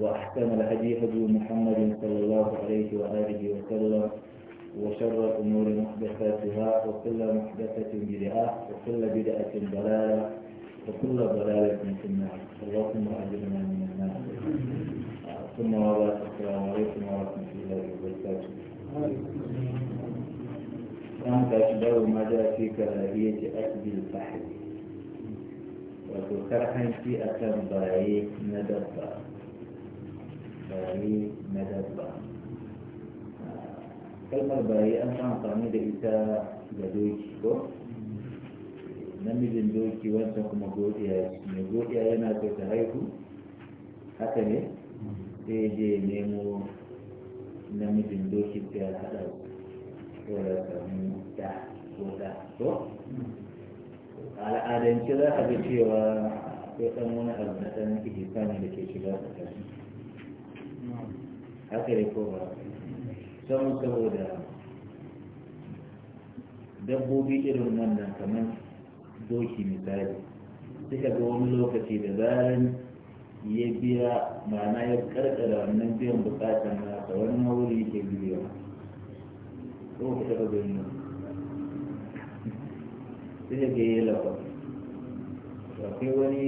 وأحكام الهدي هدي محمد صلى الله عليه وآله وسلم وشر الأمور محدثاتها وكل محدثة بدعة وكل بدعة ضلالة وكل ضلالة في النار اللهم أجرنا من النار ثم وضع السلام عليكم ورحمة الله وبركاته أنت أشبه ما جاء في كراهية أكل الفحل وتكرهن في أكل ضعيف ندبه bayi na dabba kalmar bayi an san amfani da ita ga doki ko namijin doki wancan kuma godiya mai godiya yana so ta haihu haka ne sai je nemo namijin doki ta ya haɗa ko ya samu da ko da ko al'adance za a ga cewa ko ɗan wani abu na ɗan ihsani da ke shiga tsakanin haka ne ko ba samun saboda dabbobi irin wannan kamar doki misali suka ga wani lokaci da zaran ya biya ma'ana ya karkara wannan biyan bukatar ta wani wuri yake biya ko ku taɓa nan sai ga yi lafa akwai wani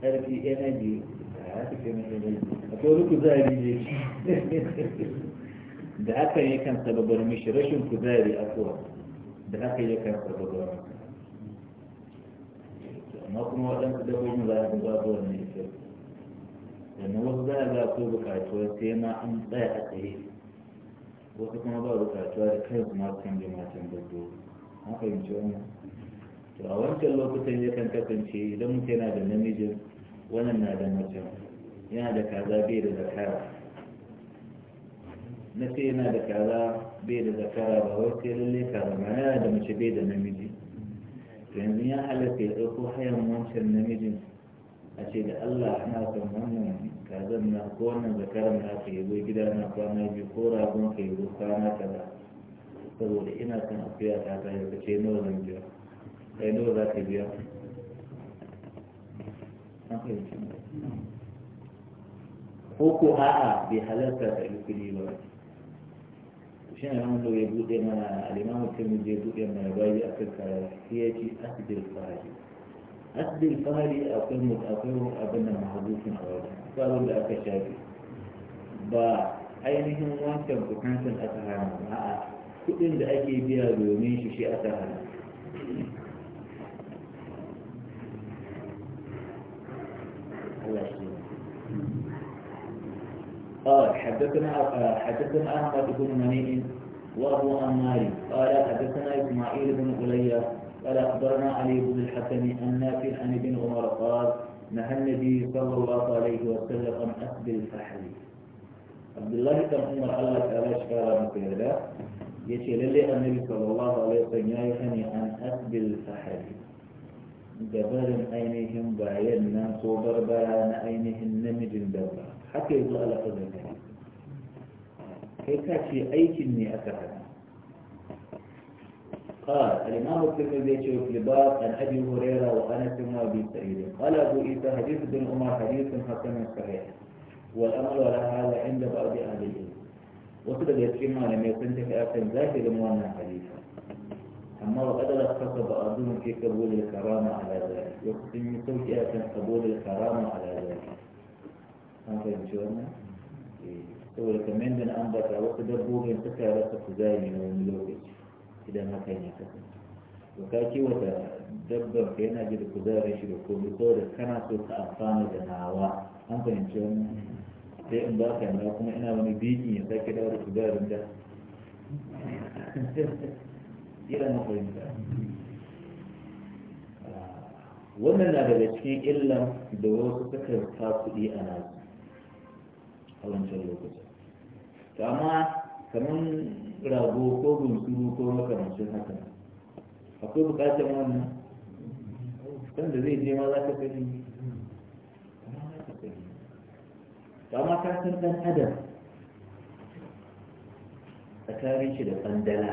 ƙarfi energy ya fi taimake ne akwai wani kuzari ne da haka yakan sababar mishi rashin kuzari afuwa da haka kan sababar amma kuma waɗansu dabbobin za a ga zuwa wannan ita sannan wasu za a ga ko bukatuwar sai ma an tsaya a tsaye wasu kuma ba bukatuwa da kansu ma kan bi matan dabbobi an fahimci wannan to a wancan lokutan ya kan kasance idan mutum yana da namijin wannan na da mace yana da kaza bai da zakara na sai yana da kaza bai da zakara ba wai sai lalle kaza ma yana da mace bai da namiji to yanzu ya halatta ya ɗauko hayan wancan namijin a ce da Allah ana son wannan kazan na ko wannan zakaran na ka yabo gida na kwana biyu ko ragon ka yabo kwana kaza saboda ina son akuya ta ta ka ce nawa zan biya kai nawa za ka biya an fahimci ko ko a'a bai halarta da ilkuli ba shi ne wanda ya buɗe mana alimamu tirmin ya buɗe mana bayi a kan kayaki asibir fahari asibir fahari akwai mutakwai abin da mahazufin a wajen ko abin da aka shafi ba ainihin wancan bukansan aka hana ma'a kuɗin da ake biya domin shi shi aka hana والعشرين قال حدثنا حدثنا أحمد بن منيع وأبو عمار قال حدثنا إسماعيل بن علي قال أخبرنا علي بن الحسن أن نافع عن ابن عمر قال نهى النبي صلى الله عليه وسلم عن أخذ الفحل عبد الله بن عمر الله تعالى شكرا مثل ذلك يشير النبي صلى الله عليه وسلم ينهى عن أخذ الفحل دبر ainihin bayan nan ko barbara نمد ainihin حتى dabba haka yanzu alaƙa da kai kai ka قال الإمام الترمذي في الباب عن أبي هريرة وأنس وأبي سعيد قال أبو عيسى حديث ابن عمر حديث حسن صحيح والأمر على هذا عند بعض أهل العلم وصدق يسلم على ما يكون في أحسن ذاك حديثا amma wa kadara kasa ba a zuwa ke kabo da karama a lalari wasu sun yi sauki a kan kabo da karama a lalari an fahimci wannan saboda kamar da an bata wasu dabbobin suka rasa kuzari na wani lokaci idan hakan ya kasance to ka kiwata dabban ka yana ji da kuzarin shi da komai saboda kana so ka amfana da nawa an fahimci wannan sai in ba ka kuma ina wani bikin ya sake dawo da kuzarin da kila na fahimta wannan na daga cikin illan da wasu suka ta kuɗi a nasu a wancan lokacin to amma kamar rago ko gunsuru ko makamancin haka akwai bukatar wannan kan da zai je ma za ka sani to amma ka san dan adam tsakanin shi da tsandala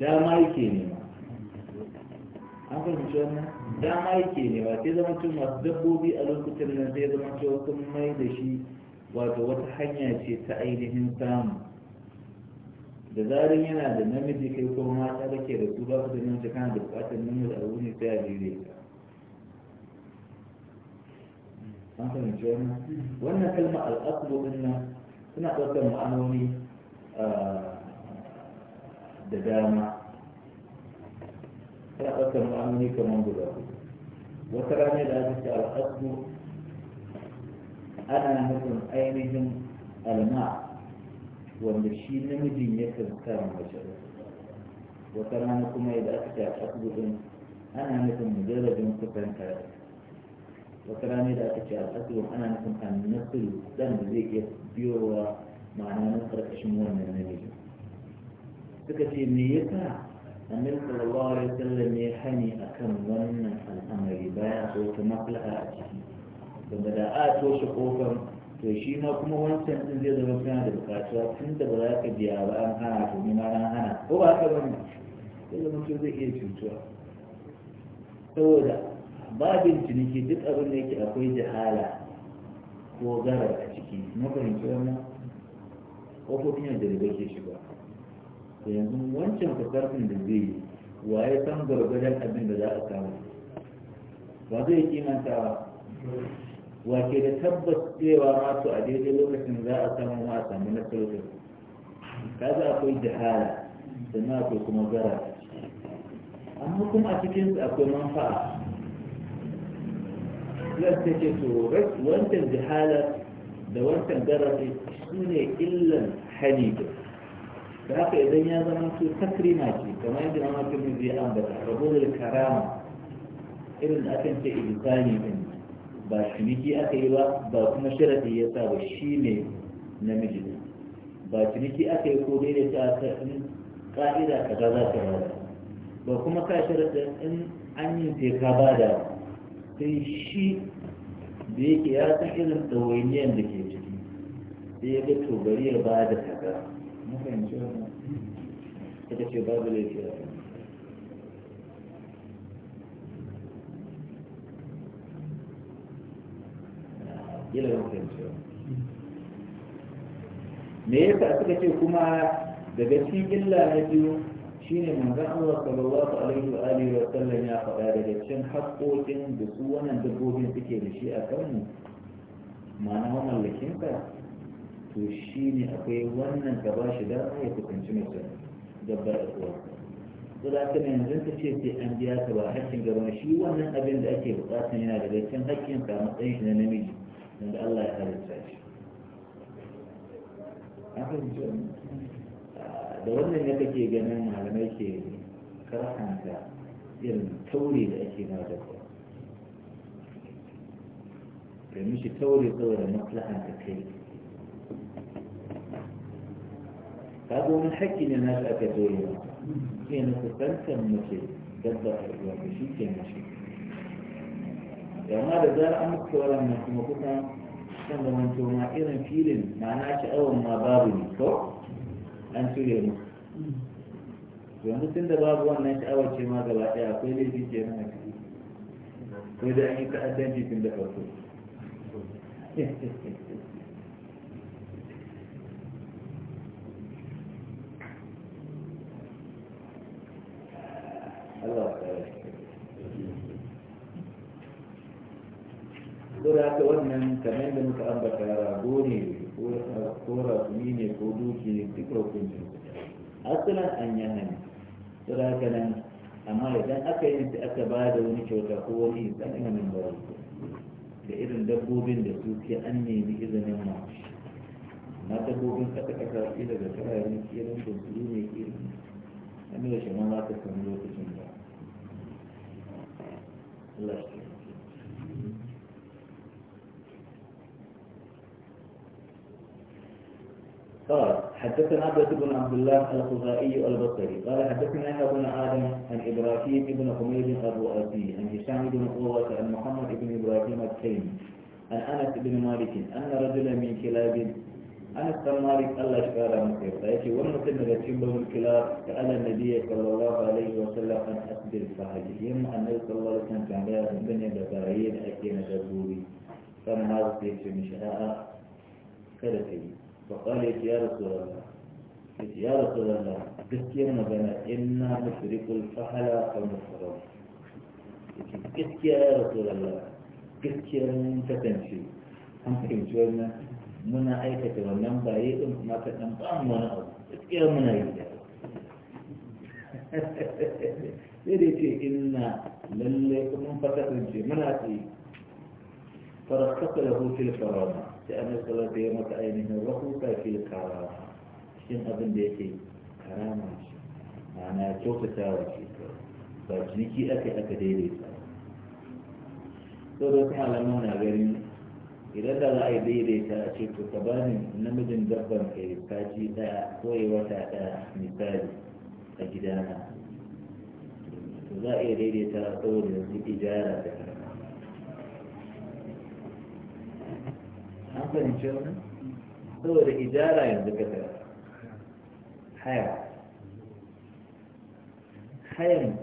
dama yake nema an fahimci wannan dama yake nema sai zama cewa masu dabbobi a lokutan nan sai zama cewa sun mai da shi wato wata hanya ce ta ainihin samu da zarin yana da namiji kai ko mata da ke da su ba su da namiji kana da bukatar namiji a wuni sai a jere ka an fahimci wannan wannan kalmar al'adu din nan suna ɗaukar ma'anoni ah, da dama ta ɗaukar ma'amuni kamar guda wata rana da aka ce al'adu ana nufin ainihin alma wanda shi namijin ya kanta mace wata rana kuma yadda aka ce al'adu din ana nufin mujarrabin kusanta wata rana da aka ce al'adu ana nufin annasir dan da zai iya biyowa ma'ana na ƙarƙashin wannan namijin suka ce me yasa annabi sallallahu alaihi wasallam ya hani akan wannan al'amari baya so ta maslaha a ciki daga da a toshe kofar to shi ma kuma wancan din zai zama kana da bukatuwa tun da ba za ka biya ba an hana to ni ma an hana ko ba ka ba ne sai zama to zai iya cutuwa saboda babin ciniki duk abin da yake akwai jihala ko gara a ciki na fahimci wannan kofofin yadda da ke shiga yanzu wancan fasarfin da zai yi wa ya san gwargwadon abin da za a samu ba zai kimanta wa ke da tabbas cewa masu a daidai lokacin za a samu ma a samu na sautin kaga akwai jihala sannan akwai kuma gara amma kuma a cikin akwai manfa'a zan ta ce to wancan jihalar da wancan gara su ne illan hani da haka idan ya zama su takrima ce kamar yadda na mafi mu zai ambata da karama irin da aka ce ibisani din ba ciniki aka yi ba ba kuma sharadi ya sa ba shi ne namiji ne ba ciniki aka yi ko da ta in ka'ida kaza za ta rada ba kuma ka sharadin in an yi ta ka bada sai shi da yake ya san irin ɗawainiyar da ke ciki sai ya ga to bari ya bada kaza ita me yasa suka ce kuma daga cikin illa na biyu shine manzon Allah sallallahu alaihi wa alihi wa sallam ya faɗa daga cikin haƙoƙin da su wannan dabbobin suke da shi a kanmu ma'ana mamallakin ka to shi ne akwai wannan da ba shi da ya kusanci mace dabbar asuwa to da haka yanzu ka ce sai an biya ka ba hakkin gaba shi wannan abin da ake bukata yana da cikin hakkin ka matsayin shi na namiji wanda Allah ya halitta shi da wannan ne kake ganin malamai ke karanta irin tauri da ake na da ku domin shi tauri saboda da ta kai ka zo wani haƙƙi ne na aka dole ba ke na kusantar mace dabba a ruwa da shi ke mace yamma da zara an muka wannan kuma kusan kan da wancan ma irin filin ma ma'ana awon ma babu ne ko an cire mu yanzu tun da babu wannan sha'awar ce ma gaba ɗaya akwai laifi ke nan a ko da an yi ta'addanci tun da farko Allah ya da haka wannan kamar da muka ambata rago ne ko rasumi ne ko duki ne duk rukunin asalan an yana ne ko da haka nan amma idan aka yi ta aka ba da wani kyauta ko wani isan ina nan ba da irin dabbobin da su ke an nemi izinin ma na dabbobin kasa kasa ila da kara yanki irin da su ne irin an yi da shi ma za ta samu lokacin قال حدثنا عبد بن عبد الله الخزائي البصري قال حدثنا يحيى بن آدم عن إبراهيم بن حميد ابي عن هشام بن قوه عن محمد بن إبراهيم التيمي عن أنس بن مالك أن رجلا من كلاب أنا استمالك الله شكرا مكير فأيكي ومثل نجتين بهم الكلاب سأل النبي صلى الله عليه وسلم أن أخبر فهجهم أن صلى الله عليه وسلم كان بها الدنيا بفاعيين أكين جذوري فأنا هذا سيكي مشاء كرتي فقال يا رسول الله يا رسول الله gaskiyar magana inna mushrikul fahala fa muharram gaskiya ya rasulullah gaskiyar mun kasance an fahimci wannan muna aikata wannan baye din kuma ka dan ba mu wani abu gaskiya muna yi da sai dai ce inna lalle kuma fa ce muna ci farakata lahu fil karama sai an sallallahu alaihi mata ainihin rahusa fil karama cikin abin da yake karama ce ma'ana kyautatawa ce ba ciniki aka aka daidaita sau da kuma alamun na ganin. idan da za a yi daidaita a ce to ka bani namijin dabban ka yi kaji ɗaya ko yi wata ɗaya misali a gidana to za a iya daidaita a saboda yanzu ijara da an fahimci wani saboda ijara yanzu ka tara haya hayan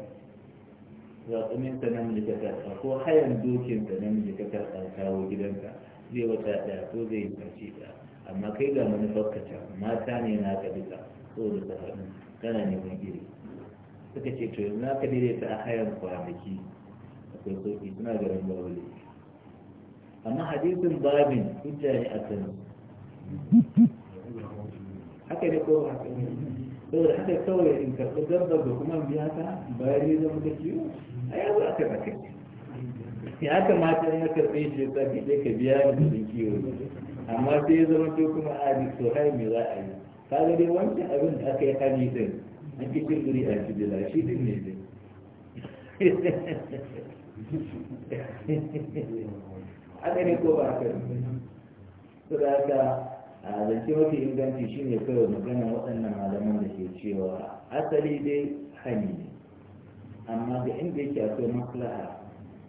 zaɓuminta namiji ka karɓa ko hayan dokinta namiji ka karɓa kawo gidanka zai wata ɗaya ko zai yi kashi ɗaya amma kai ga manufar ka can mata ne na ka bisa da ta haɗu kana neman iri suka ce to yanzu na ka ta a hayan kwanaki akwai sauƙi suna garin babu amma hadisin babin hujja ne a kan haka ne ko haka ne saboda haka kawai in karɓi dabbar da kuma biya ta bayan yi zama da kiwo a yanzu aka zaka ya kamata in ka tsaye shi ta ka je ka biya ni da kiwo amma sai ya zama to kuma a ni to hai me za a yi ka ga dai wancan abin da aka yi hali din an ki cin guri a jibila shi din ne dai haka ne ko ba haka su da haka a zance mafi inganci shi ne kawai magana waɗannan malaman da ke cewa asali dai hani ne amma ga inda yake akwai maslaha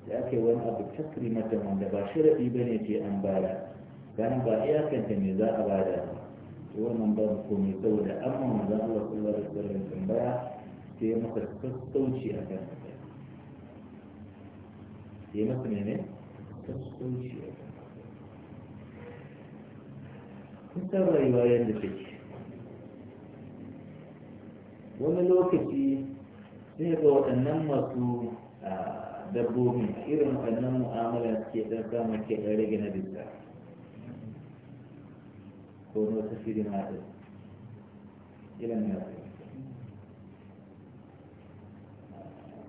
da aka yi wani abu mata wanda ba sharaɗi ba ne ke an bada ganin ba kanta ne za a bada to wannan ba mu komai saboda amma manzon Allah sallallahu alaihi wasallam tambaya sai ya masa sassauci a kan sai ya masa ne sassauci a kan kusan rayuwa yadda take wani lokaci sai ga waɗannan masu ah, dabbobin irin wannan mu'amala ke ɗan samun ke da rage na bisa ko na wata shiri na irin ilan na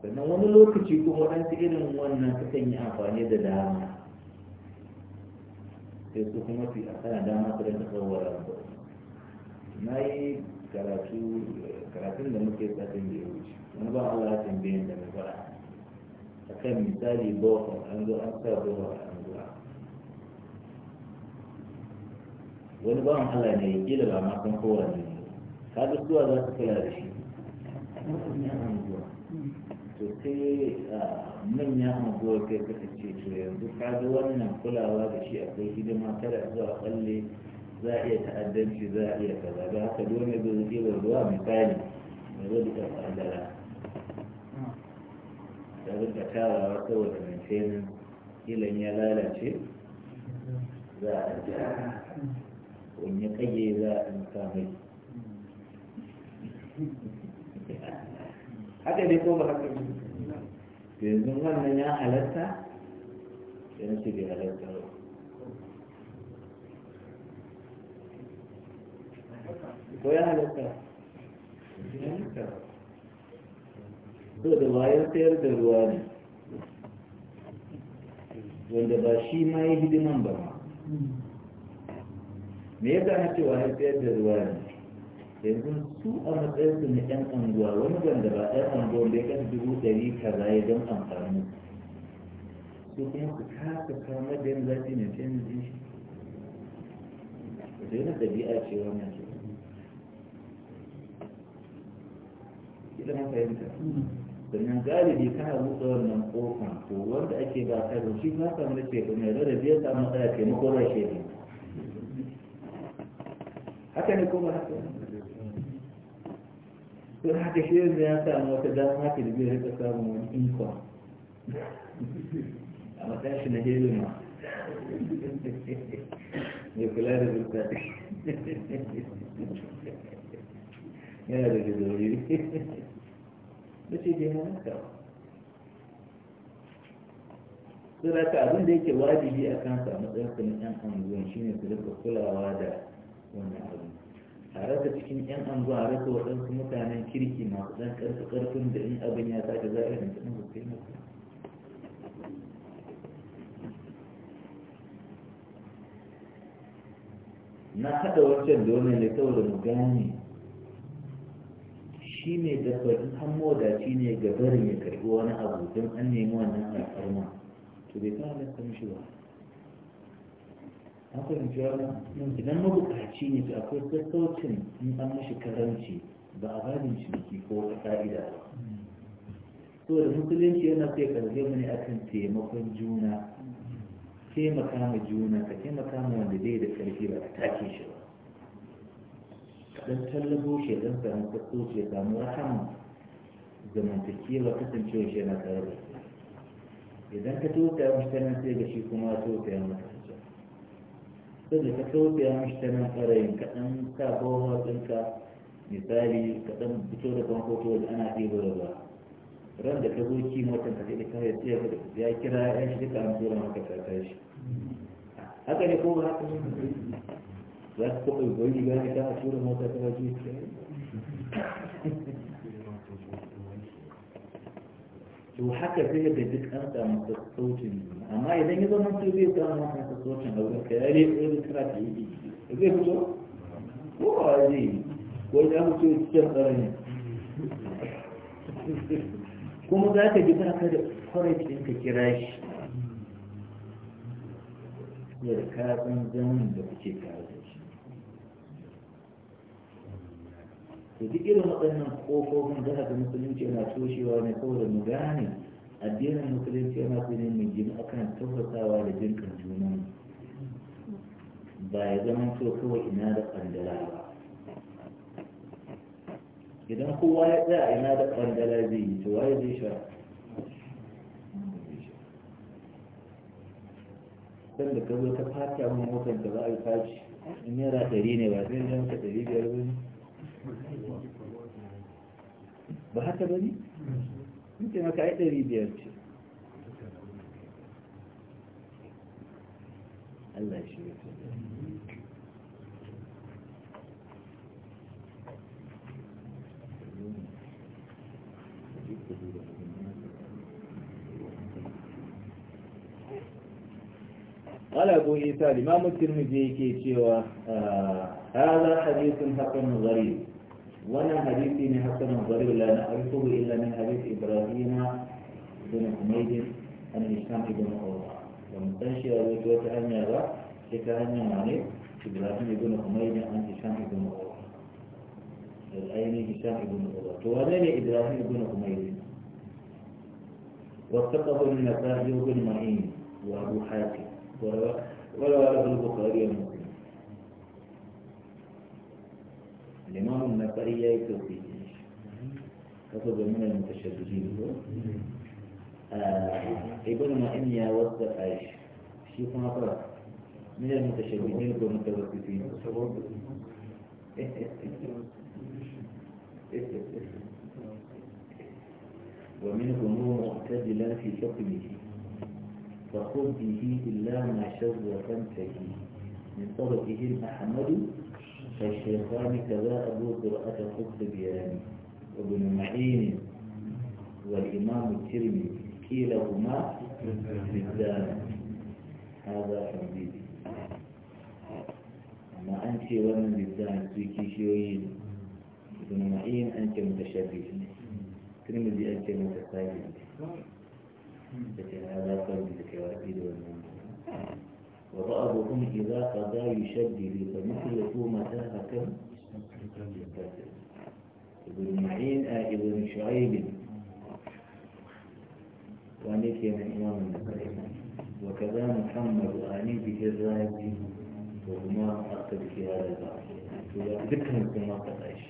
sannan wani lokaci kuma waɗansu irin wannan sukan yi amfani da dama sai su kuma fi a kana dama su rinka tsawara na yi karatu karatun da muke tsakin da ya wuce wani ba Allah ya tambayin da na fara كان مثالي باطل عنده أكثر بها عنده وانا بقى محلا ان يجي لبعا معكم قوة جميلة هذا السؤال ده كلا رشي من يعمل جوا تقول من يعمل جوا كيف تحكي شوية دفع دوانا نقول نعم على هذا الشيء أقول كده ما ترى أزوى أخلي زاهية تقدم شي زاهية كذا بها تدوني بذكي بذكي بذكي بذكي بذكي بذكي بذكي بذكي da rinka tarawa saboda ilan ya lalace za a kage za a haka ko ba haka yanzu wannan ya halatta bai halatta ba ko ya halatta ya halatta so da sayar da ruwa ne wanda ba shi ma ya hidiman ba me yasa na ce wayan sayar da ruwa ne yanzu su a matsayinsu na yan anguwa wani wanda ba ɗan anguwa da ya dubu ɗari kaza ya don amfani su kuma su kasa kama da yin zafi da yana ɗabi'a fahimta sannan galibi kana buɗe wannan kofan to wanda ake ba ka da shi ka samu ce ko mai rarrabe ya samu matsala ke mako ba shi ne haka ne kuma haka to haka shi yanzu ya samu wata dama ta da zai rika samun wani inkon a matashi na helima mai kula da zuka yana da jidori bace bai halatta ba sai da ka abin da yake wajibi a kansa a matsayin sa na yan anguwan shine su rika kulawa da wannan abu a rasa cikin yan anguwa a rasa waɗansu mutanen kirki masu ɗan ƙarfi ƙarfin da in abin ya sake za a yi mutum su taimaka na haɗa wancan da wannan ne saboda mu gane shi mai dabbaji an ne ga barin ya karbi wani abu don an nemi wannan alfarma to bai kawo halatta mishi ba an fahimci nan idan mabukaci ne to akwai sassaucin in an mashi karanci ba a babin ciniki ko wata ka'ida ba to da musulunci yana sai karbe mu ne akan taimakon juna taimaka ma juna ka taimaka ma wanda bai da karfi ba ka take shi ba don tallafo shi don samu kaso shi samu rahama zamantakewa kasancewa shi na tare da idan ka tausaya mashi tanan sai ga shi kuma mashi maka sai da ka tausaya mashi tanan nan kaɗan ka bawa ɗinka misali kaɗan fito da fankoto da ana ɗiba da ba ran da ka zo ki motar ka sai ka sai ya kira ya shi duka an tura maka ta tashi haka ne ko ba haka ne za su taɓa yi riga ne ta a tura mota ta waje to haka sai da duk an samu sassaucin amma idan ya zama sai zai samu wannan sassaucin a wurin kai yare ko da kira ta yi zai fito ko ba zai yi ko da mu ce cikin tsarani kuma za ka ji ba ka da courage ka kira shi ya ka san zaman da kuke tare to duk irin waɗannan ƙofofin da haka musulunci yana toshewa ne saboda mu gane addinin musulunci yana so ne mu gina akan tausasawa da kan juna ba ya zama to kawai ina da ƙandala ba idan kowa ya tsaya ina da ƙandala zai yi to waye zai sha dan da ka zo ka fata mun mutunta za a yi faci in yara ɗari ne ba sai zama ka ɗari biyar ba ne ba haka ba ne? in ce maka ai ɗari biyar ce Allah shi ya ce. قال أبو عيسى الإمام الترمذي كي هذا حديث حق غريب ولا حديث حتى الغريب لا نعرفه إلا من حديث إبراهيم بن حميد عن هشام بن عروة ومستنشر رجوة أن يرى شكاية يعني إبراهيم بن حميد عن هشام بن عروة الأين هشام بن عروة وذلك إبراهيم بن حميد وثقه النسائي بن معين وأبو حاتم ورواه البخاري الإمام النفري يتوفي فيه كتب من المتشددين هو آه، ابن مائن يا وسط عيش شيخ مطرح من المتشددين والمتوسطين ومنهم معتدلا في حكمه فخذ به إلا ما شذ وتنتهي من طرفهم أحمد فالشيخان كذا أبو قراءة القطبياني وابن معين والإمام الترمي كيلهما بالدان هذا حديث أما أنت ومن بالدان في كيشيوين ابن معين أنت متشابه ترمي أنت متساهل نعم. لكن هذا قلبي ذكر وأكيد والمنكر بعضهم إذا قضى يشدد فمثل تومة كم ابن معين آه، ابن شعيب وأنيك يا إمام وكذا محمد وأني به الرازي وهما أكثر في هذا البعض ذكرهم كما قد عيش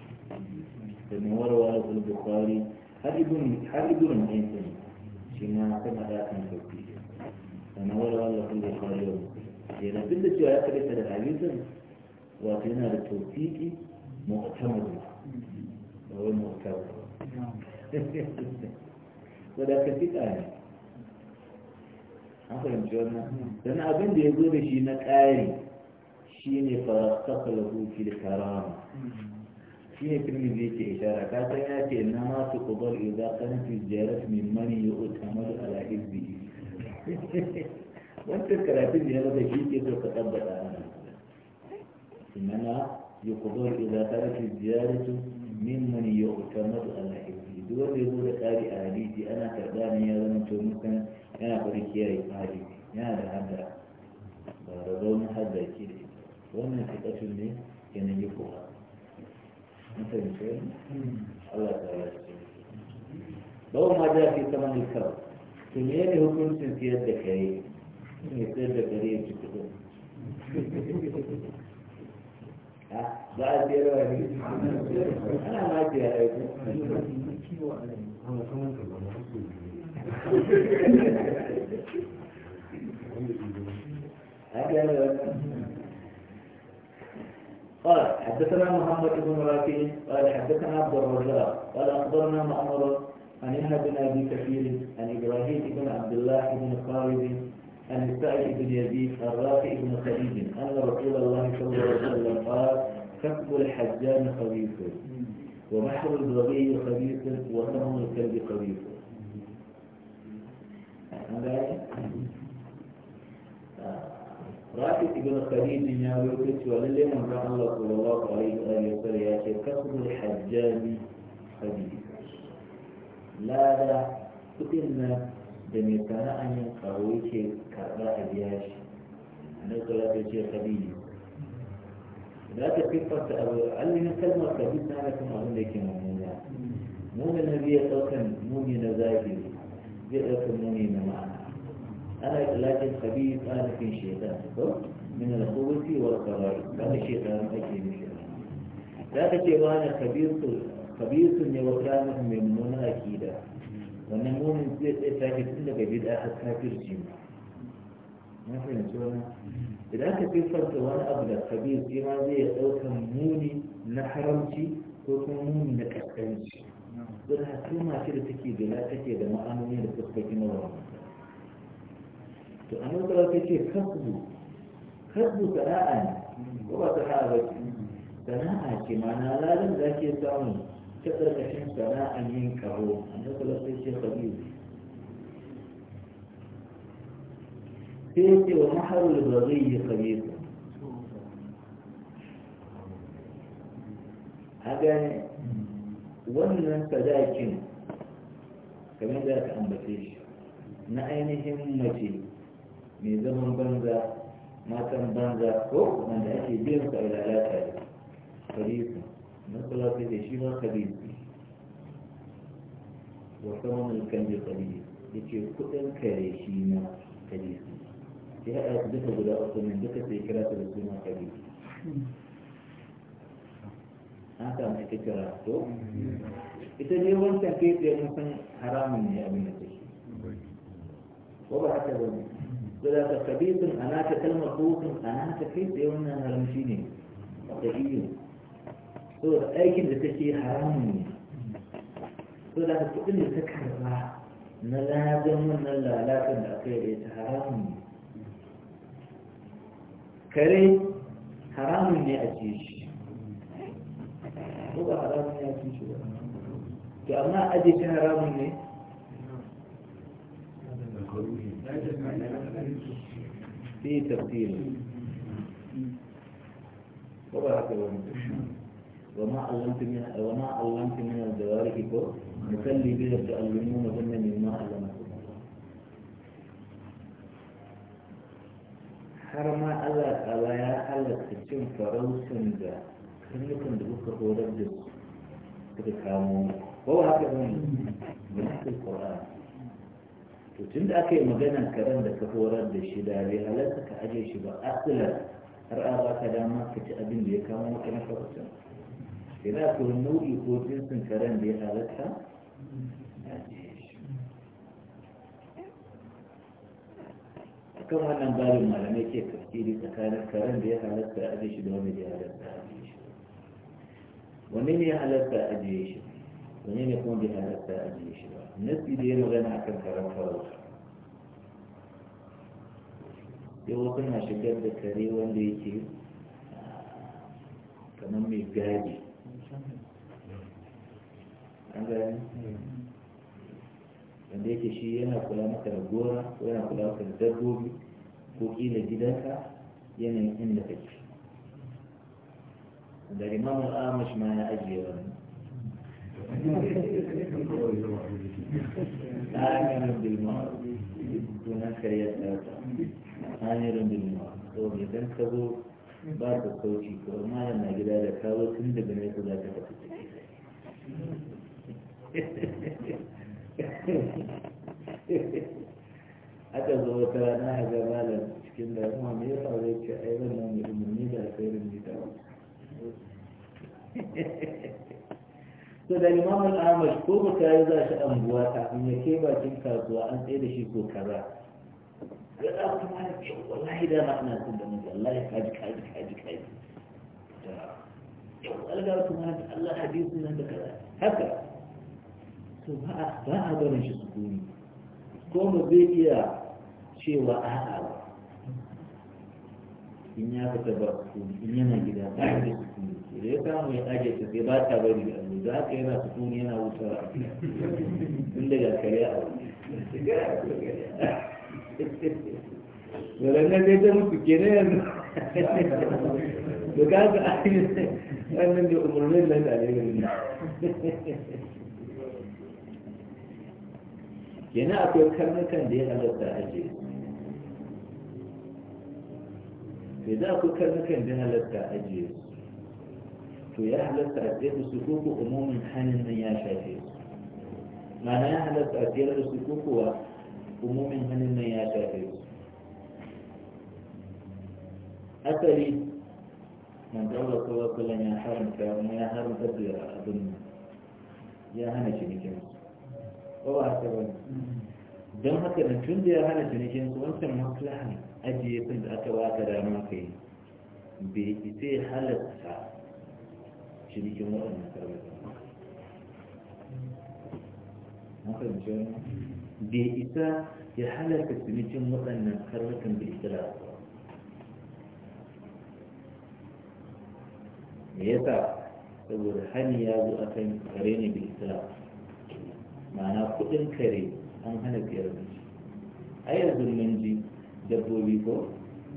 لما وروى في البخاري هل ابن هل ابن معين شما كما لا كان توكيد لما وروى في البخاري لأن كل الجوايات ليس لها يزن وأتينا للتوثيق مؤتمر وهو المؤتمر ولكن في آية أخي مجونا لأن أبن دي يقول جينك آية شيني فرصق له في الكرامة شيني كلمة ذيك إشارة كانت يأتي إنما تقضل إذا كانت الزيارة من من يؤتمر على حزبه wancan karatun ne na shi ke so ka tabbata ana inana yuqdur idza taraka ziyaratu mimman yu'tamadu ala hifzi duk wanda yazo da tsari a hadisi ana karba ne ya zama to mutan yana bari kiyaye tsari yana da hadda ba da ke da ita wannan fitatun ne kenan yi kuma mutan Allah ta yi shi bawa ma da fi saman ikar to me ne hukuncin siyar da kai قال حدثنا محمد بن رافع قال حدثنا عبد الرزاق قال اخبرنا مأمر عن ابن ابي كثير عن ابراهيم بن عبد الله بن خالد عن السعد بن يزيد الرافع بن خليل أن رسول الله صلى الله عليه وسلم قال كف الحجام خبيث وبحر البغي خبيث وسهم الكلب خبيث آية؟ رافع بن خليل يا ويكت ولله من الله صلى الله عليه وآله وسلم يا شيخ كسب الحجام خبيث لا لا da mai sana'an yin tsaro yake karɓa a biya shi annabi sallallahu alaihi wasallam ya ce kabilu za ka siffanta abu allihin kalmar kabilu na kuma abin da yake mummuna mumin na biya ɗaukan muni na zahiri zai ɗaukan muni na ma'ana ana itlaqin kabilu ana nufin shaitan ko min al-khubuthi wal qaba'i kana shaitan ake nufi za ka ce ba na kabilu ne wa kana mummunan akida wannan munin zai tsaye take tun daga bid'a har kafirci na fahimci wannan idan ka siffanta wani abu da kabir shi ma zai ɗaukar muni na haramci ko kuma muni na ƙasƙanci don haka kuma ce da take bila take da ma'anoni da fuskoki na wani to a nan kawai take kasbu kasbu sana'a ne ko ba sana'a ba ce sana'a ke ma na lalan da ake samu كثرة سواء ينكرون أن يقول سيسي خبير سيسي ونحر البغي خبير هذا wannan sadakin kamar da aka ambace shi na ainihin mace mai zaman banza matan banza ko wanda ake biyan sa ilalata da farisun مثلا في ديشيما قليل وثمن الكنز قليل يجي كتن كريشيما قليل في هذا الدفع بلا أصل من دفع في كرات الدنيا قليل haka mai ta kira to ita ne wancan kai tsaye mun san haramun ne abin da take ko ba haka ba ne to da ka kabisin ana ta kalmar hukun ana ta kai tsaye wannan haramci ne da iyo saboda aikin da take haramun ne saboda kuɗin da ta karba na ladan wannan lalatan da aka yi da ta haramun ne kare haramun ne a ce shi ko ba haramun ne a ce shi ba to amma aje ta haramun ne fi tafsiri ko ba haka wani وما علمت من وما علمت من الجوارح كو نسلي بها تعلمون بنا مما علمكم حرم الله على يا الله تشم فرو سنجا كنكم دوك فورا دوك تكامون هو هكذا من القران to tunda aka yi maganar karen da ka horar da shi da bai halarta ka ajiye shi kira ko nau'i ko jinsin karen da ya halatta a kan wannan babin malamai ke tafsiri tsakanin karen da ya halatta a shi da wani da ya halatta a shi wani ne ya halatta a shi wani ne kuma bai halatta a shi ba nasi da ya magana a kan karen farauta sai wasu na shigar da kare wanda yake ah, kamar mai gadi an gani wanda yake shi yana kula maka da gora ko yana kula maka da dabbobi ko kila gidanka yanayin inda kake da imam al'amash ma ya ajiye wani amirin bilmar tunan karyar ɗauka amirin bilmar to idan ka zo ba ka kauci ko malam na gida da kawo tun daga nesa za ka tafi aka zo wata rana a ga malam cikin da kuma me yasa zai ce ai ban nan da umarni da alkhairin ni da to da imam al-amash ko ba ka yi za shi anguwa kafin ya ke bakin kasuwa an tsaye da shi ko kaza ya za ku ma ce wallahi da ma ina son da mun wallahi kaji kaji kaji kaji yau algar kuma Allah hadisin nan da kaza haka to ba a barin shi sukuni ko ma zai iya cewa a'a ba in ya fita ba sukuni in yana gida ba a da sukuni da ya samu ya ajiye ta sai ba ta bari da allo da haka yana su sukuni yana wuta ba tun ga kare a wani wadannan dai ta musu kenan yanzu da ga ga ainihin wannan da umarnin nan da lantarki kenan akwai karnukan da ya halatta ake to idan akwai karnukan da ya halatta ajiye to ya halatta a tsaye da su koko umumin hannun nan ya shafe mana ya halatta a tsaye da su koko wa umumin hannun nan ya shafe su asali man daura kowa kullum ya haramta ya haramta da abin ya hana shi nikin ba ba haka ba don haka da tun da ya hana cinikin su wancan maslahan ajiye kun da aka baka dama kai bai sai halatta cinikin waɗannan sarrafa bai isa ya halarta cinikin waɗannan karnukan bilkila me yasa saboda hani ya zo akan kare ne bilkila ma'ana kudin kare an hana biyar da shi a yanzu mun ji dabbobi ko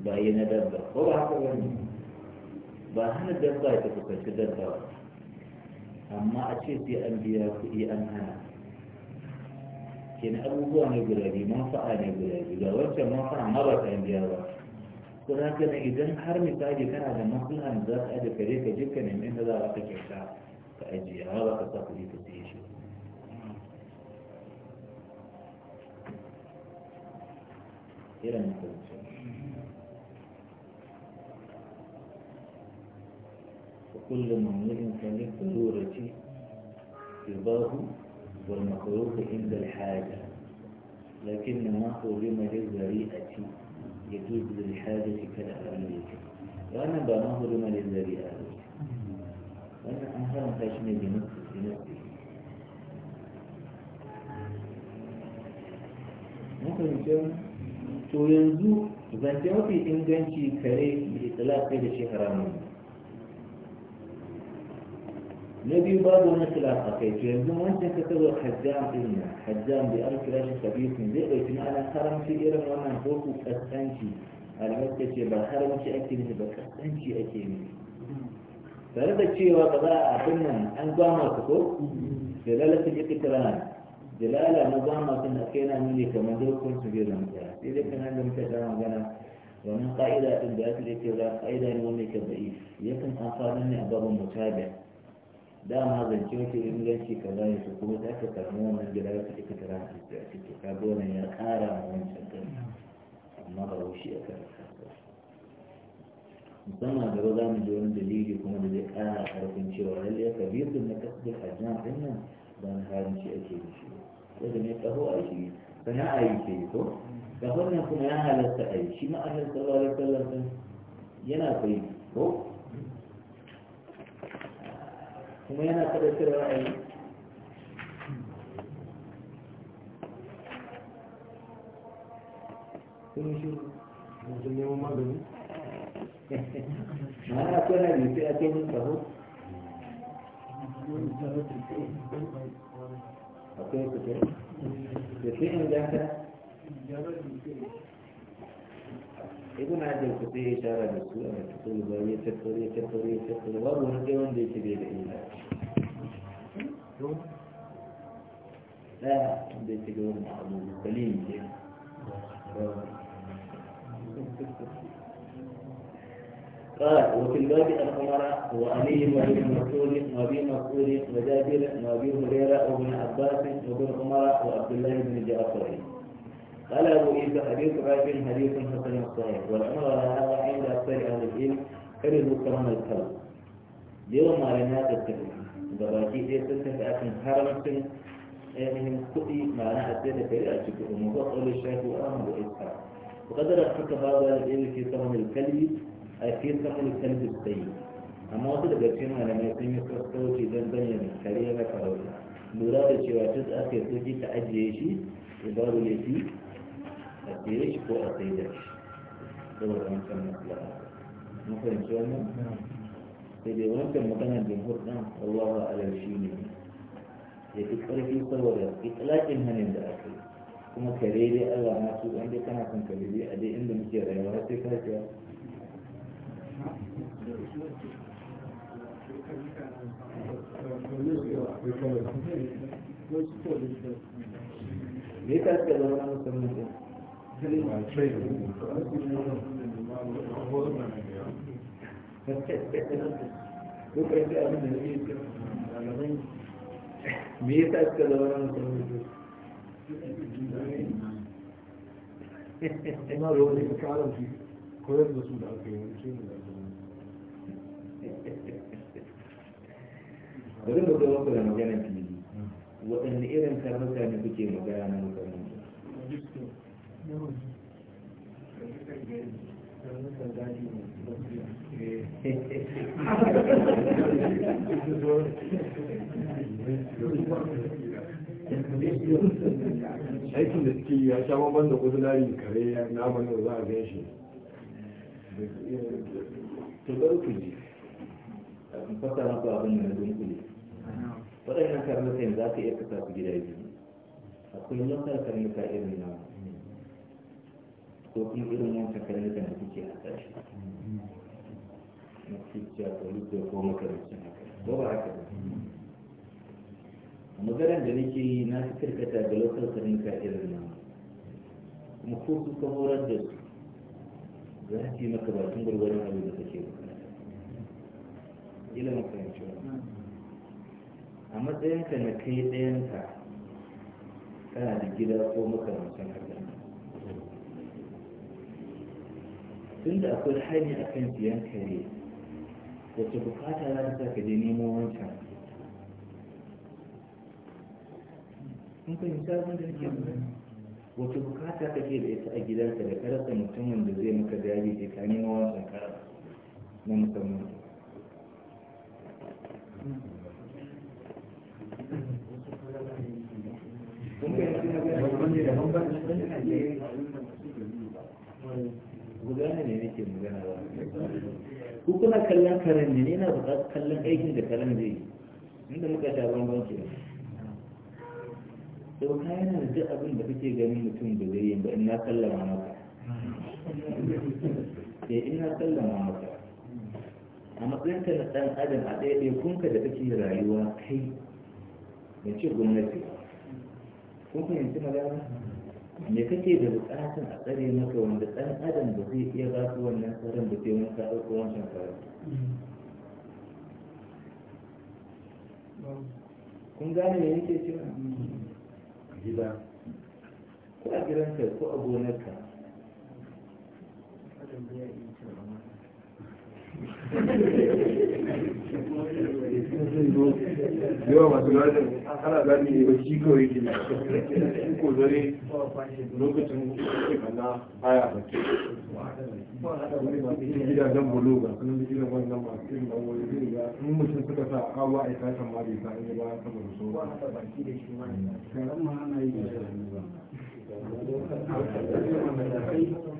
ba yi na dabba ko ba haka wani ba hana dabba ta kusanci dabba ba amma a ce sai an biya kuɗi an hana kenan abubuwa ne guda biyu manfa'a ne guda biyu ga wancan manfa'a ma ba ta an biya ba ko za ka idan har misali kana da maslahan za ka aje kare ka je ka nemi inda za ka kyauta ka ajiye amma ba ka sa kuɗi ka siye shi irin hukunci وكل ممنوع تملك ضرورة يباه والمخلوق عند الحاجة لكن ما حرم للذريئة يجوز للحاجة كالأمريكا وأنا بما حرم للذريئة وأنا أنهر خشمي بنفسي بنفسي ممكن يكون to yanzu zance mafi inganci kare itilaf sai da shi haramun na biyu babu wani tilaf a kai to yanzu wancan ka kazo hajjam din nan hajjam da an kira shi kabisin zai ɗauki na ana haramci irin wannan ko ku kaskanci alamar ce ba haramci ake nufi ba kaskanci ake nufi tare da cewa ba za a abin nan an gwama ka ko da lalatin ikitirana jalala mazama zamakin a kai na nuni kamar zurfin su bai zanta sai dai kana da ka da magana wannan ƙa'ida ɗin da ake da ke za ƙa'ida ne wanda ke ba'i yakan amfani ne a babban mutabi da ma zance wata inganci kaza ya su kuma ta ka karmo na gida ka fi tara a cikin a cikin ka gona ya kara a wancan amma ba wushi ya kan musamman gaba za mu ji wani dalili kuma da zai ƙara ƙarfin cewa lallai ka biyu na kasbin hajjan ɗin nan don harin shi ake da shi idan ya taho a shi sana'a yake ko ga wannan kuma ya halatta a yi shi ma annabi sallallahu alaihi wasallam yana bai ko kuma yana karantarwa a yi kuma shi mutum neman magani mana akwai hadisi a cikin taho akwai kuɗi da fi inganta ibn adil ku sai ishara da su a cikin bari ta tsore ta tsore babu wani dai wanda yake bai da illa daya wanda yake da abu kalin قال وفي الباب هو علي وابن مسعود وابي مسعود وجابر وابي هريرة وابن عباس وابن عمر وعبد الله بن جعفر قال أبو عيسى حديث رافع حديث حسن صحيح والأمر هذا عند أكثر أهل العلم كرهوا كرم الكلب يوم ما لنا تتفق دراجي ɗaya sun tafi akan haramcin ainihin kuɗi ma'ana a tsaye da kai a cikin mu ba ƙaunar shafi wa amma في كرم الكلب a fi sakon kalbis sai amma wasu daga cikin malamai sun yi sassauci don bayyana kare na farauta lura da cewa duk aka yi soji ta ajiye shi ya ba da laifi a tsere shi ko a sai da shi saboda wancan maslaha mun fahimci wannan sai dai wancan maganar jimhur ɗin Allahu a'lam shi ne ya fi ƙarfi saboda itlaƙin hannun da aka yi kuma kare dai Allah na su wanda kana son kare dai a dai inda muke rayuwa sai ka me yasa suka zama na musamman da da ne me musamman ina da karanci koyar da su da aka yi wani bari mu zama ku da magana fili waɗanne irin karnuka ne kuke magana na mutane aikin da suke ya sha bamban da layi kare ya da za a gan shi to kafin fasa maka abin da na dunkule waɗannan karnukan za ka iya kasa su gida biyu akwai lokal karnuka irin na ko kuma irin wancan karnukan da kuke a tashi? na cikiya ko ko makarancin haka ko ba haka ba magaran da nake yi na fi karkata da lokal karnuka irin na kuma ko su ka horar da su za su yi maka bakin gwargwaron abin da kake bukata ila mu fahimci a matsayinka na kai ka kana da gida ko makamancin haka tun da akwai hanyar a kan siyan kare wacce bukata za ta saka ka je nemo wancan kun fahimta abin da nake wacce bukata ke da ita a gidanka da karasa mutumin da zai maka gari sai ka nemo wancan karasa na musamman gudana ne nake magana ba ku kuna kallon karen ne ne na buƙatar kallon aikin da karen zai yi inda muka ta bambam ke sau ka yana da duk abin da kake gani mutum da zai yi ba ina sallama maka sai ina sallama maka a matsayinka na ɗan adam a ɗaya ɗaya kunka da kake rayuwa kai da ce gwamnati ba ko fahimci magana me kake da bukatun a tsare maka wanda ɗan adam da zai iya ba su wannan tsarin da sai mun ka ɗauko wancan tsaron kun gane me yake cewa gida ko a gidanka ko a gonarka yawa masu lardin ana gani ne ba shi kawai ke ko zare lokacin na baya ba gidajen bulo ga sunan da irin wannan masu irin da wani zai ga in mutum suka sa awa a tashin ma bai sa inda ba sama da sauran ba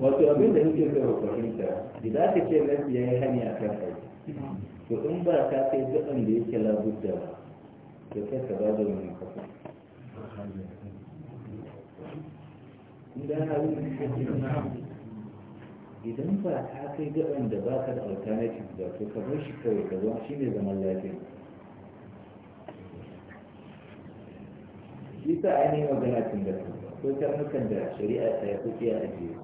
wato abin da nake so ku fahimta za ka ce lafi ya yi a kan aiki to in ba ka kai gaban da yake labudda ba to kai ka ba da wani kafa idan ba ka kai gaban da ba ka da alternative ba to ka bar shi kawai ka zama shi ne zaman lafiya shi ini a tinggal magana tun da ko karnukan da shari'a ta ya kuke a ajiye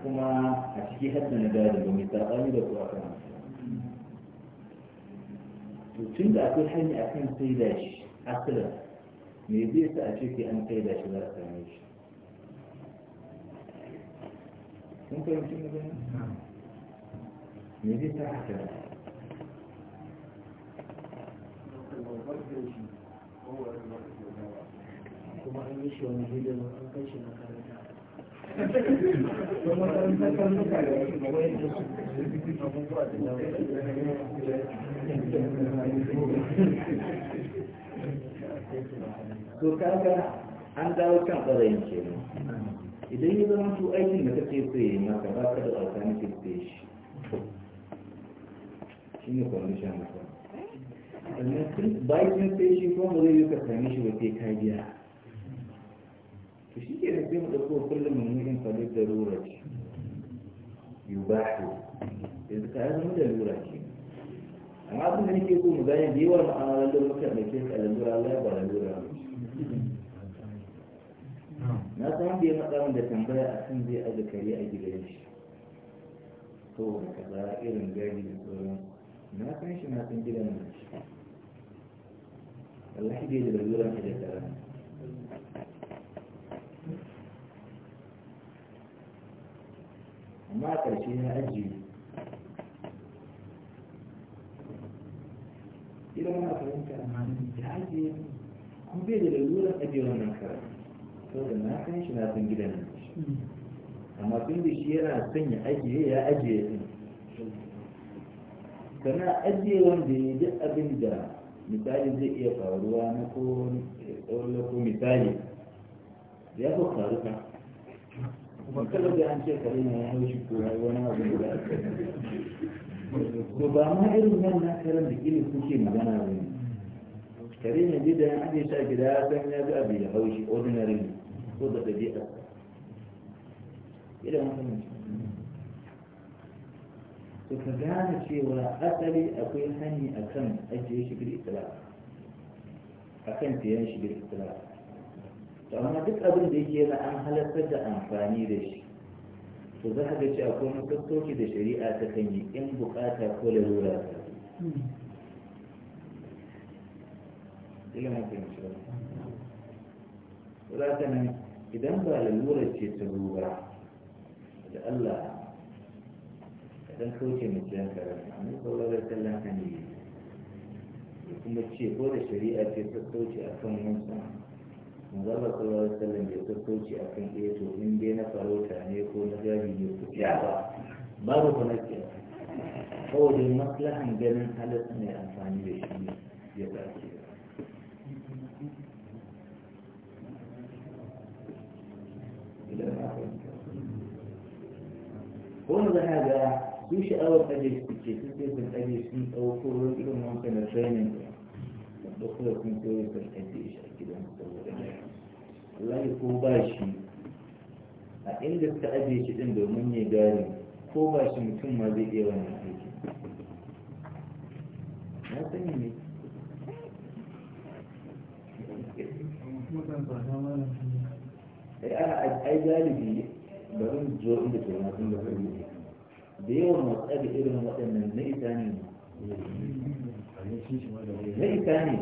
kuma a ciki hadda na gada ba mai saɓani da kan to tun da hanya akan kan sai da shi asalin me zai sa a ce ke an sai da shi za a same shi kun fahimci magana me zai sa haka Thank you. kuma an yi shi wani hidin an kai shi makaranta to kaga an dawo kan ɓarayin ke idan ya zama su aikin da kake so ya yi maka ba ka da alternative sai shi shi ne shi maka sannan bayan sai shi kuma ba zai yi ka sami shi ba sai مش يجي يهدين الدكتور كل من يجي انت ليه ضرورة يباحه اذا كان هذا مجال يراكي انا عارف ان هيك يكون مباين دي ولا انا لا دور مكان ما يشيك الا دور على لاب ولا دور على ما كان بيه مقام ده تنبيه اسم زي اذكري اجي ليش طول كذا ايرن جاي يقول ما كانش ما تنجي لنا الله يجي يدبر دور على كده amma a ƙarshe ya ajiye idan wani fahimta amma ya ajiye kuma bai da lalura ajiye wannan karatu saboda na kan shi na san gidan nan amma tun da shi yana son ya ajiye ya ajiye din kana ajiye wanda ya ji abin da misali zai iya faruwa na ko ko misali ya fi faruka makalar da an ce kare ne ya haushi shi ko ya wani abu da to ba ma irin nan na karan da kiri kuke magana ne kare ne gidan an yi sha gida ya ya ga abu ya hau shi ordinary ko da ɗabi'a idan mutum to ka gane cewa asali akwai hanyar akan ajiye shi bil islam akan tiyan shi bil islam to duk abin da yake na an halartar da amfani da shi to za ka ce akwai makassoki da shari'a ta kan yi in bukata ko lalura ta ilimin fahimci ba nan idan ba lalura ce ta ruwa da allah dan kauce jan karatu a nan sauraron kallon hannu ne kuma ce ko da shari'a ce ta kauce a kan wancan manzala sallallahu alaihi wasallam bai sassauci a kan ɗaya eh, to in dai na farauta ne ko na gari ne ku ya ba babu kwanaki kawai dai maslahan ganin halatta mai amfani da shi ne ya ba ke kuma za a ga su sha'awar ajiye su ke su sun ajiye sun ɗauko irin wanka na training da kuma sun koyi sun ajiye shi a gidan saboda wallahi ko ba shi a inda suka ajiye shi din domin ya gari ko ba shi mutum ma zai iya wannan aiki na sani ne ai eh, ana ai galibi bari mu zo inda ke na sun da kai da yawan matsa da irin waɗannan na isa ne na isa ne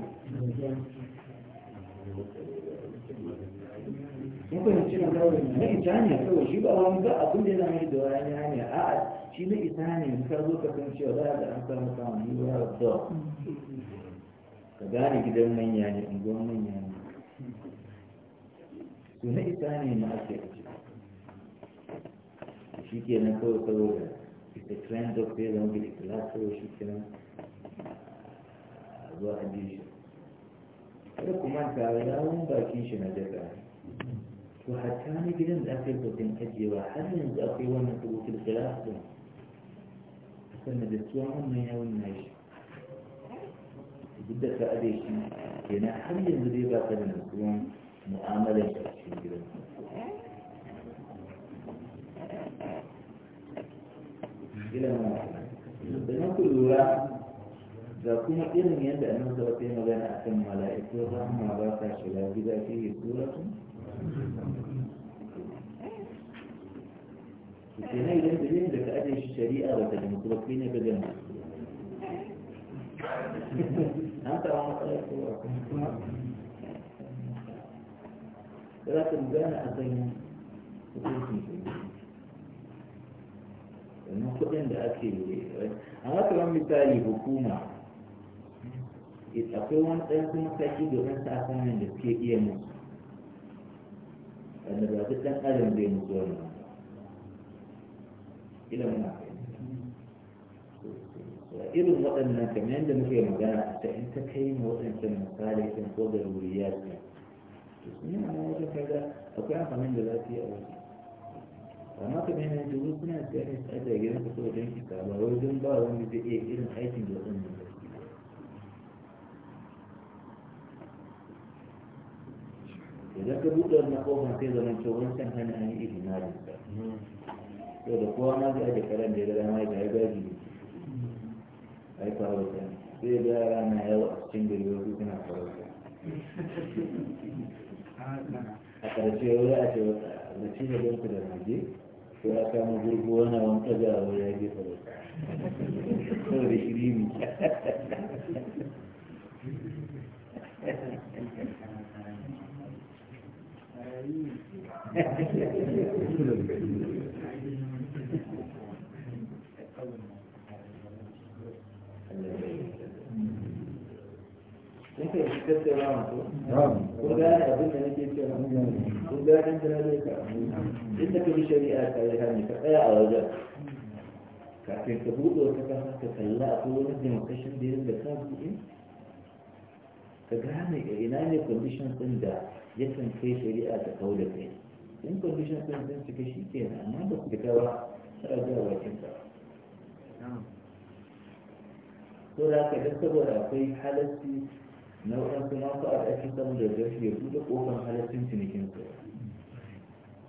mun fahimci na kawai na ita ne kawai shi ba wani ba abin da yana mai da wani ne a shi na ita ne in ka zo ka san cewa za a ga an samu ka gane gidan manya ne manya ne to na ita ake shi ke nan kawai ita trend of zama kawai shi ke nan zuwa shi kada kuma ta yawon bakin shi na jaka ne وحتى كان قدم ذاك البطن أجي واحد من ذاكي وانا قبوت الخلاف دون أسمى دسوا عم نياو النايش جدا فأديش كنا حبيا بدي باقا من الكون مؤاملة شخصي قدم إلى ما أحنا بنا كل ولا ذاكونا إرنيا بأنه سبتين وغانا أحسن ملائكة وغانا ملائكة شلاء بذاكي يقولكم في هاي الدليل بتأدي الشريعة وتدمقين بدل هذا هو الصورة لكن جاء بين المقدم da ake a matsayin misali hukuma akwai wani ɗan kuma kashi domin sa da suke iya musu annabi duk dan adam bai mutu wannan ila muna irin waɗannan kamar yadda muke magana ta in ta kai ma waɗancan misali kan ko da wuriya ce to sun yi mana wajen kaga akwai amfanin da za su yi a wasu amma kamar yadda duk suna tsaye a gidan ka saboda yanki ba wajen ba wanda zai iya irin aikin da waɗannan idan ka buɗe wannan kofar sai zama to wancan hana an yi ihimari da kowa ma zai ajiye karen da ya gada ma ya gaya gaji ne a yi farauta sai ga yara na yawo a cikin gari wasu suna farauta a ƙarshe wani a ce da ci da ɗanku da ko ya kama gurgu wani wani ɗagawa ya je farauta saboda shiri ne nake tattara masu kun gane abin da nake ne kun gane tana zai ka in da shari'a ta yi hannu ka tsaya a wajen kafin ka buɗe wata kasa ka kalla a kowane da yadda ka buɗe ka gane ina ne condition ɗin da yakan kai shari'a ta kawo da kai in condition ɗin sun cika shi ke amma ba su fita ba sai a zuwa bakin sa to da ka dan saboda akwai halarci na waɗansu masu a ake samun da zafi ya buɗe ƙofar halarcin cinikin su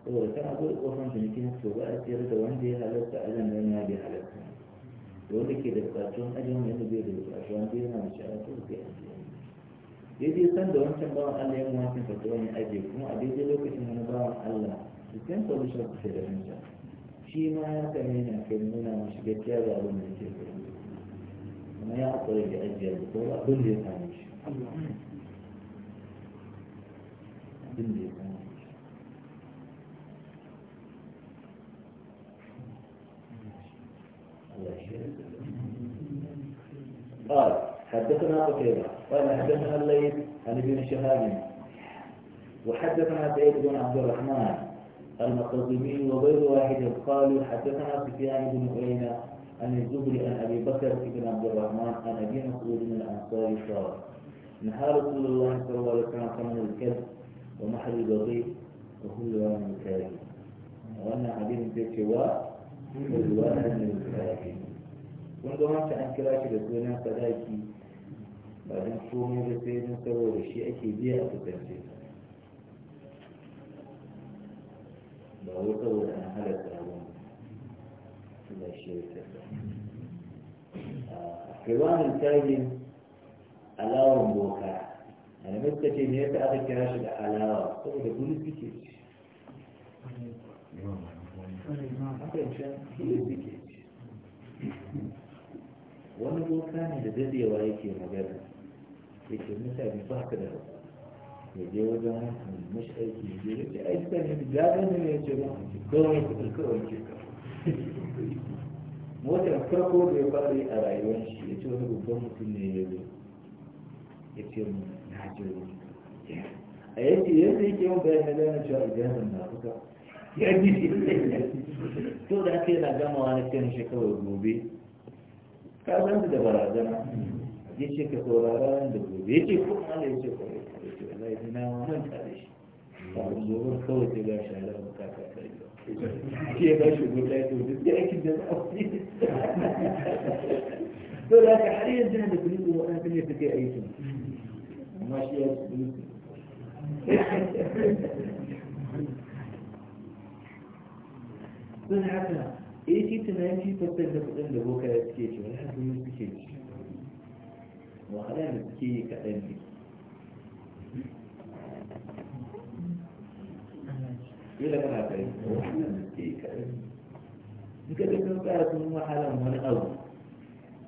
saboda kana buɗe ƙofar cinikin su ba a siyar da wanda ya halarta ajin nan ya bai halarta da wanda ke da buƙatuwan ajin wanda bai da buƙatuwan bai yana da shi a sai a daidai san da wancan bawan Allah ya wancan fata wani aje kuma a daidai lokacin wani bawan Allah su kan solution su da wancan shi ma ya same na kai nuna mashi gaskiya da abin da ke kai kuma ya haƙura da ajiya da kowa abin da ya same shi abin da ya same shi Allah shi ya حدثنا قتيبة قال حدثنا الليل عن ابن شهاب وحدثنا سعيد بن عبد الرحمن المقدمي وغير واحد قالوا حدثنا سفيان بن عيينة عن الزهري عن ابي بكر بن عبد الرحمن عن ابي مسعود من الانصار قال نهى رسول الله صلى الله عليه وسلم ثمن الكلب ومحل البغي وكل واحد الكاذب وانا حديث في شواء كل وان من الكاهن kun ga wancan an kira shi ba don komai da sai don saboda shi ake biya a kusance ba wai saboda an halatta abin ba shi ya tafi kimanin tagin alawan boka a da muka ce ne yadda aka kira shi da alawa saboda gulu suke ci wani boka ne da dadewa yake magana ya ce mutane ba ka da ba ya je wajen mashi aiki ya je ya ce ai sai ne da gani ne ya ce ba kawai ka ku ɗauka ke ka motar farko da ya fara yi a rayuwar shi ya ce wani babban mutum ne ya zo ya ce mu na je wani a yake yadda yake yau bayan na gane cewa aljannan na kusa ya ji shi to da aka yana gama wani kyan shi kawai gobe ka zanta da barazana ya ce ka saurara ran da gobe ya ce kuma Allah ya ce kwarai ya ce ala ya na manta da shi ba a gobe kawai sai ga shara ba ka ka kai shi ya ba shi guda to duk aikin da za a yi to da ka har yanzu da kuli ko an sanya ta kai aikin amma shi ya su sun haka ya ce tunanin shi da kudin da boka ya suke ce wani haka suke wahala da suke yi kaɗan ne yau da kana kai wahala da suke yi kaɗan in ka da kan tsara sun wahalan wani abu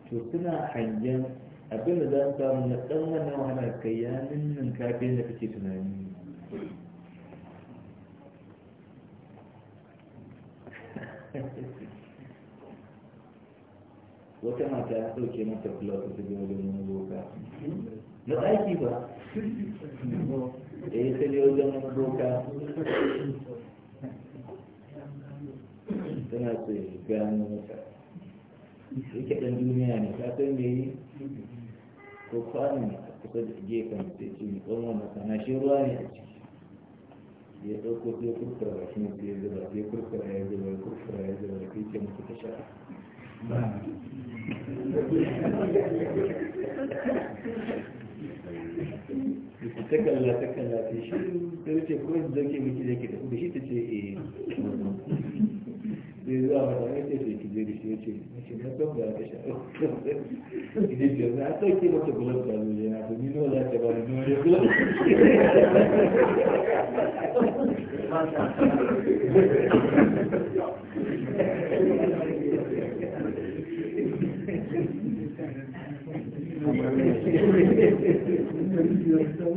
to suna hangen abin da za su samu na ɗan wannan wahala kai ya ninnin kafin da kake tunani Thank you. wata mata ya sauke mata blog ta ga wajen wani boka na ɗaki ba da ya sai wajen wani boka tana so ya gano mata yake ɗan duniya ne ka san me yi ko kwanan a kusa da gefen sai ce mai tsawon na sana shi ruwa ne a ciki ya ɗauko sai kurkura ba shi ne sai ya zuba sai kurkura ya zuba kurkura ya zuba sai ce mutu ta sha ta kalla ta kalla ta shi wuce kuma su miki da ke da shi ta ce eh zuwa mata ce ki zai shi ce na ba ta sha na mata gulab za ta ba gulab ta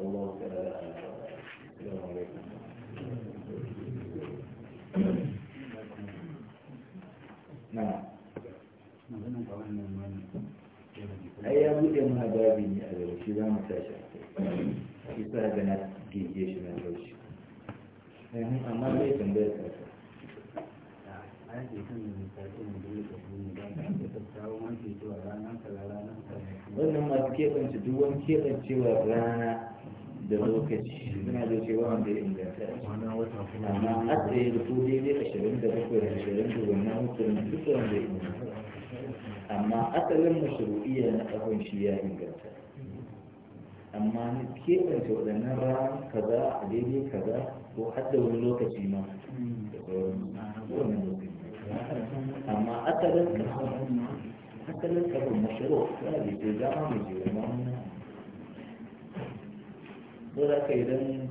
والله ai ya buɗe mana babi ne a yaushe za mu tashi a kai ga na gege shi na yaushe amma zai tambaya wannan masu duk wani rana da lokaci suna da cewa wanda ya inganta amma a tsaye da su daidai ashirin da bakwai ashirin da wannan mutum duk wanda ya inganta amma asalin mashru'iyya na kafin shi ya inganta amma ni keɓance waɗannan ran kaza a daidai kaza ko hadda wani lokaci ma da sauran amma asalin kafin asalin kafin mashru'iyya da ya zama ko da ka idan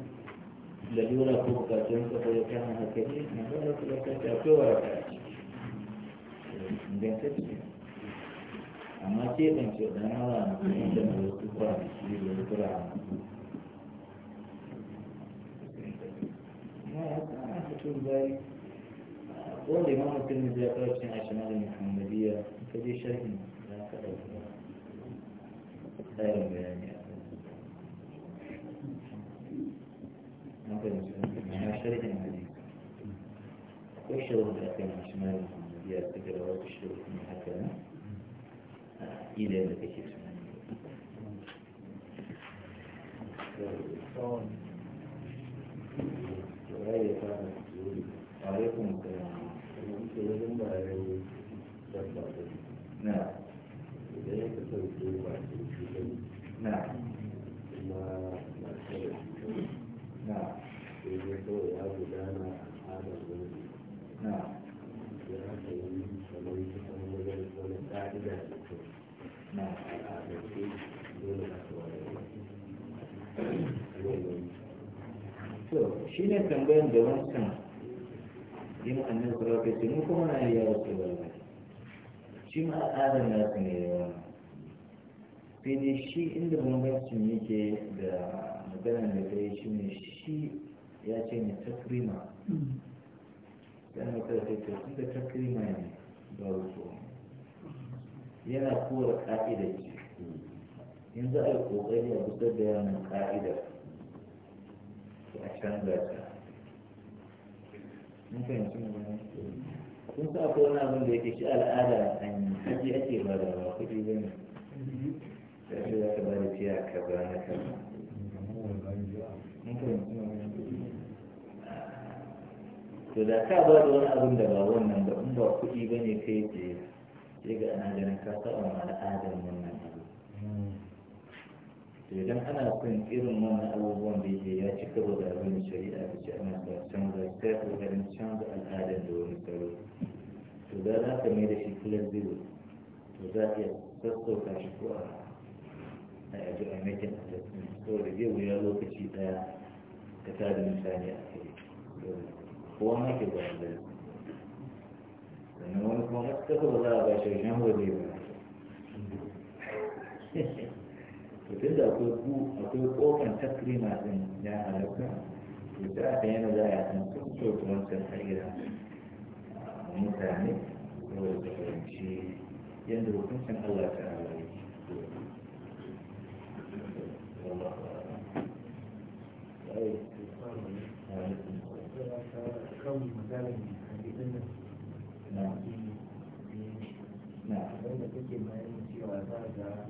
lalura ko bukatun tsaro ya kama hankali na zama su lokacin akwai waraka a ciki ingantacce amma ce ban ce da na wa mutum da na wasu kwanaki da wasu ranaku ma ya sa a cikin bayi imam mutum da ya fara cikin ashima da muhammadiyya ka je sharhin da ka ɗauka tsarin bayani da musulunci na sharhin hadisi akwai shirin da aka yi shimarin biyar ta gara wata shirin haka a da kake tunani Nah. shi ne tambayan da wancan yin annan sarauta ce kuma na yi yawa ba. wani shi ma al'adar su ne yawa sai dai shi inda bambancin yake da maganar da ta yi shi ne shi ya ce ne takrima dan ta kai ta sun da takrima ne ba wato yana kowar ka'idar ce yanzu a yi kokari a fitar da yawan ka'idar a canza ta mun fahimci mu ne kun sa ko wani abin da yake shi al'ada an haji ake ba da ba kuɗi ba ne sai za ka ba da fiya ka ba na ka ba mun fahimci mu to da ka ba da wani abin da ba wannan ba in ba kuɗi ba ne kai tsaye sai ga ana ganin ka saba ma al'adar wannan idan ana kan irin wannan abubuwan da yake ya ci gaba da abin da shari'a ta ce ana sa canza ta kokarin canza al'adar da wani tsaro to da za ka mai da shi filar zero to za a iya sassauta shi ko a yaji a mekin a tattun saboda zai wuya lokaci daya ka ta da misali a kai kowa ma ke ba da sannan wani kuma masu ba za a ba shi wajen hudu ba to da akwai ku akwai kofan takrima din ya halatta to sai aka yana za a san sun so wancan tsira mutane ko da fahimci yadda hukuncin Allah ta halaye na wanda take bayan cewa za ga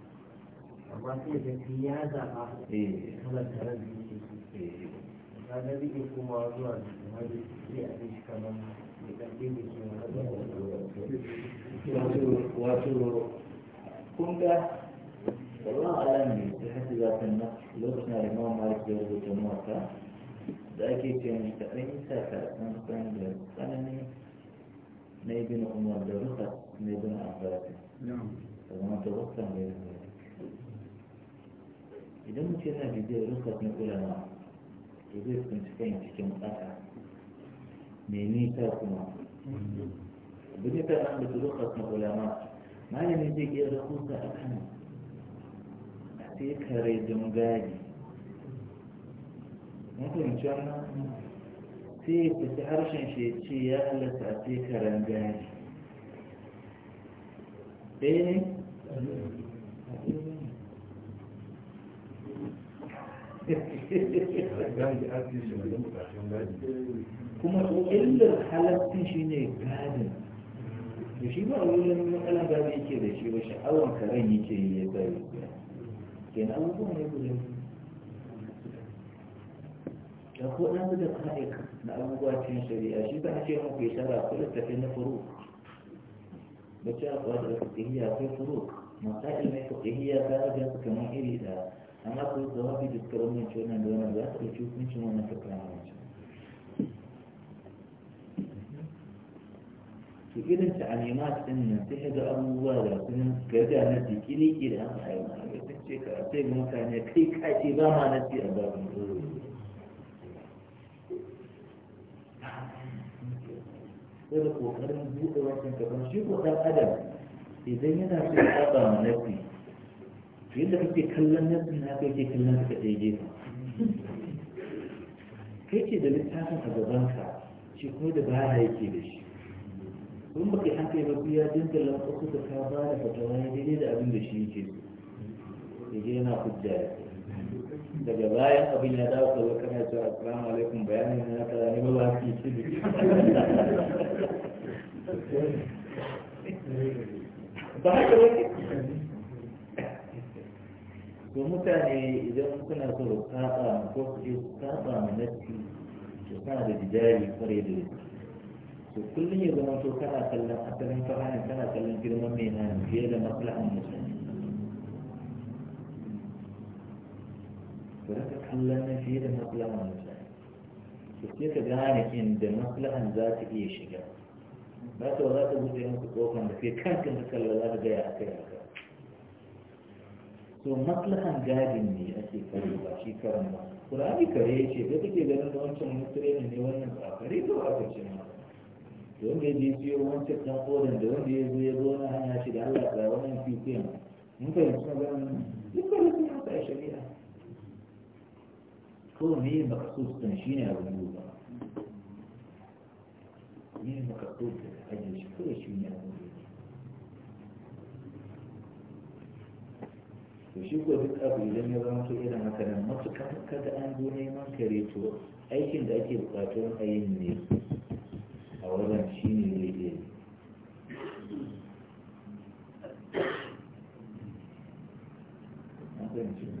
amma sai da shi ya zaɓa eh. kalar taron da yake so eh. ka ga kuma zuwa da hali sai a shi kamar mai ƙarfi da wato kun ga wallan alami da hasi zafin nan lokacin da imam ya rubuta mawaka da ake ce mai kaɗan yi sa karɓar tsanin tsanani na ibn umar da rukas na ibn abbas da kuma ta rukas na ibn idan mutum yana bibiyar rukar na ulama to zai fuskanci kan cikin ƙasa mai nisa kuma bude ta an da rukar ulama malami zai iya rahusa a kan a sai kare don gadi mutunci wannan sai ya fita harshen shi ce ya halatta a sai karen gadi ɗaya ne kuma illar halarci shi ne gadin da shi ba wurin matsalan gadi yake da shi ba sha'awar karen yake yi ya zai kenan abubuwan ya guda da ko ɗan da ka'ik na abubuwa cikin shari'a shi ba a ce muku ya shara ko littafi na furu ba ce a kwa da fiqhiyya ko furu masail na fiqhiyya ta ga kamar iri da amma su da wafi fuskar wannan ce wannan da wannan za su ɗauki hukuncin wannan ta kama wancan to irin ta animat din nan sai ga abubuwa da sun gaga na jikini ke da haka a yau a ce ka sai mutane kai kace ba ma na ce a da buɗe idan yana yadda kake kallon yanzu na kai ke kallon ka ɗaya gefe kai ce da littafin a ka shi ko da ya yake da shi kun baki haka yi baku ya dinga lankwasu da ka ba da fatawa ya daidai da abin da shi yake so ya je yana hujja ya daga bayan abin ya dawo kaza kana cewa assalamu alaikum bayanin na kaza ne ba ba ki ci ba haka ba mutane idan suna so su saba ko su je su saba ma nasi to kana da jidari kware da to kullum ya zama to kana kallon asalin fara kana kallon girman mai nan fiye da maslahan mutane to raka kallon na fiye da maslahan mutane to sai ka gane inda maslahan za ta iya shiga ba ta za ta buɗe musu kofan da sai kankan da kallon za ta gaya a kai a kai to maslahan gadin ne ake kare ba shi karan ba kurani kare ya ce da kake ganin da wancan mutreni ne wannan ba kare ko aka ce ma to wanda ya je siyo wancan dan kodan da wanda ya zo ya zo na hanya shi da Allah ka wannan fifiyan mun fahimci maganar duk da ya haka shari'a ko ne maksus din shine abin ba ne maksus da ajiye shi kawai shine abin to shi ko duk abu idan ya zama to irin haka nan matuƙar kada an zo neman kare to aikin da ake bukatar a yin ne a wajen shi ne ne an fahimci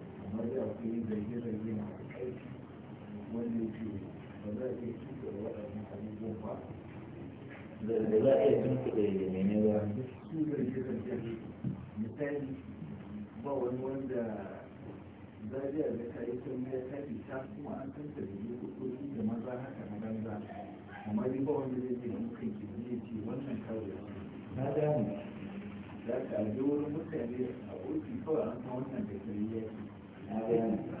zai tuka da waɗannan abubuwan ba da za a iya tuka da yamene ba su zai yi kasance misali ba wani wanda zariya da ka yi sun ya tafi ta kuma an kanta da yi kuɗi da maza haka na banza amma ni ba wanda zai ce da mukan ki ne ce wannan kawai na gane za ka je wurin mutane a ofi kawai an san wannan da kariya na gane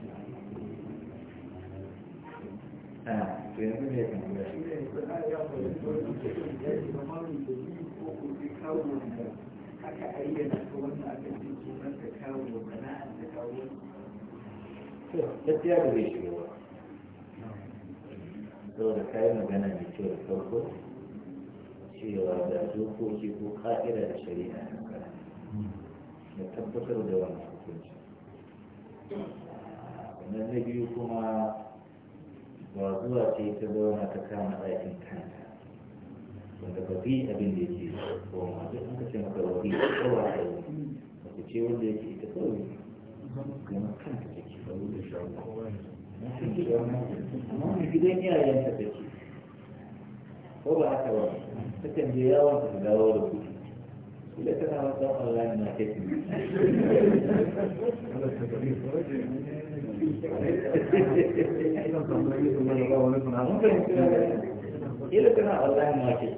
aka ayyana wannan gaskiya ba zai shiga ba saboda kayan magana mai kyau da farko cewa da dokoki ko ka'ida da shari'a na da tabbatar da wannan hukunci na biyu kuma ba zuwa ce ta zauna ta kama ɗakin kanta wanda ba fi abin da yake ko ma duk an kace maka ba fi kowa ta yi ba ku ce wanda yake ita kawai kuma kanta take ba wanda shi kowa na fi gida amma mai gidan iyayen ta take ko ba haka ba takan je yawon ta dawo da kuɗi kila tana wata online marketing ila kana wallahi ma su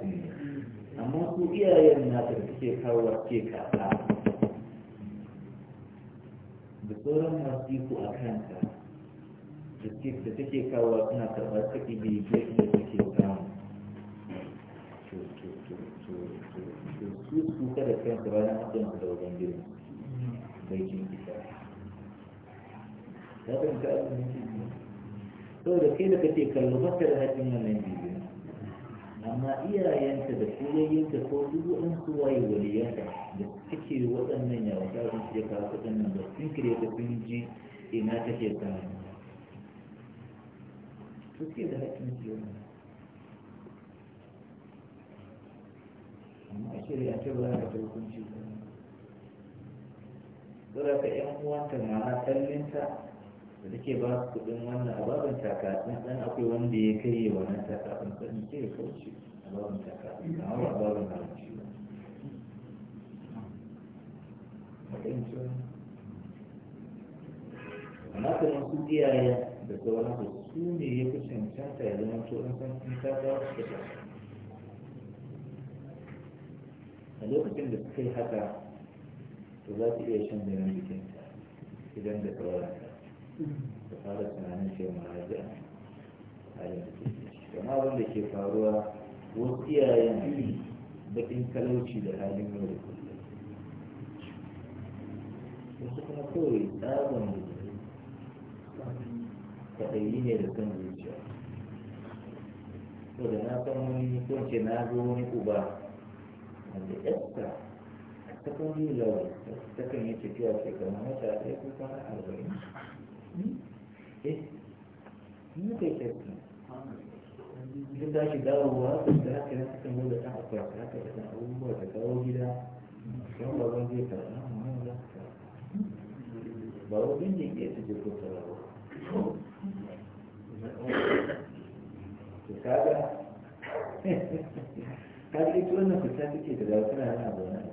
amma ku iyayen na da suke kawo ke kaka da sauran masu ku a kanta da take kawo suna karɓar ta da yake da take samu su su kada kansu bayan haɗin da wajen girma bai jinki ya ka abin da ke saboda kai da kace kallo baka da haƙin wannan bibiya amma iyayenta da soyayyenta ko duk waɗansu waye waliyanta da suke waɗannan yawon tsarin su ya kawo waɗannan ba sun kire ta sun ji ina take sama su suke da haƙin su amma a shirya ta ba da hukunci ba. Zara ka ‘yan uwanta ma'ana kallinta. da nake ba su kudin wannan ababen taka sun dan akwai wanda ya kai wannan taka sun sani sai ya kauce ababen taka amma ba ababen haramci ba amma kamar su iyaye da sauransu su ne ya fi cancanta ya zama to an san sun ta ba su da a lokacin da suka yi haka to za su iya shan da nan jikinta idan da sauransu da fara tunanin sai maraja halin da ke ciki amma wanda ke faruwa wasu iyayen bakin talauci da halin yau da kullum wasu kuma kawai tsarin da kaɗayi ne da kan zuciya to da na san wani kwance na zo wani uba wanda yasta ta kan yi lawal ta kan yi tafiya shekaru mata ɗaya ko kwana arba'in eh mu kai sai duk da shi dawowa da haka ya suka da ta akwai haka da kan abubuwa da kawo gida ba zan zai amma za ka ba da ke ko kaga wannan fita take da zafi na yana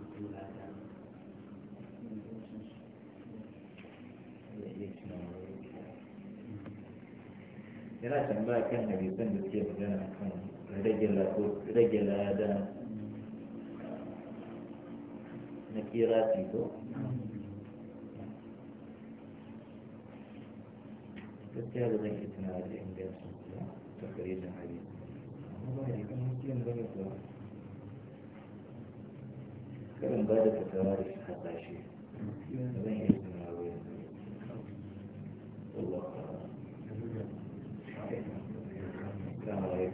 yana tambaya kan hadisan da suke magana kan rage lada na kira ko gaskiya da zan yi tunawa da ingancin kuma ta kare da hali amma ba kan karin ba da da shi hasashe zan yi da Allah السلام عليكم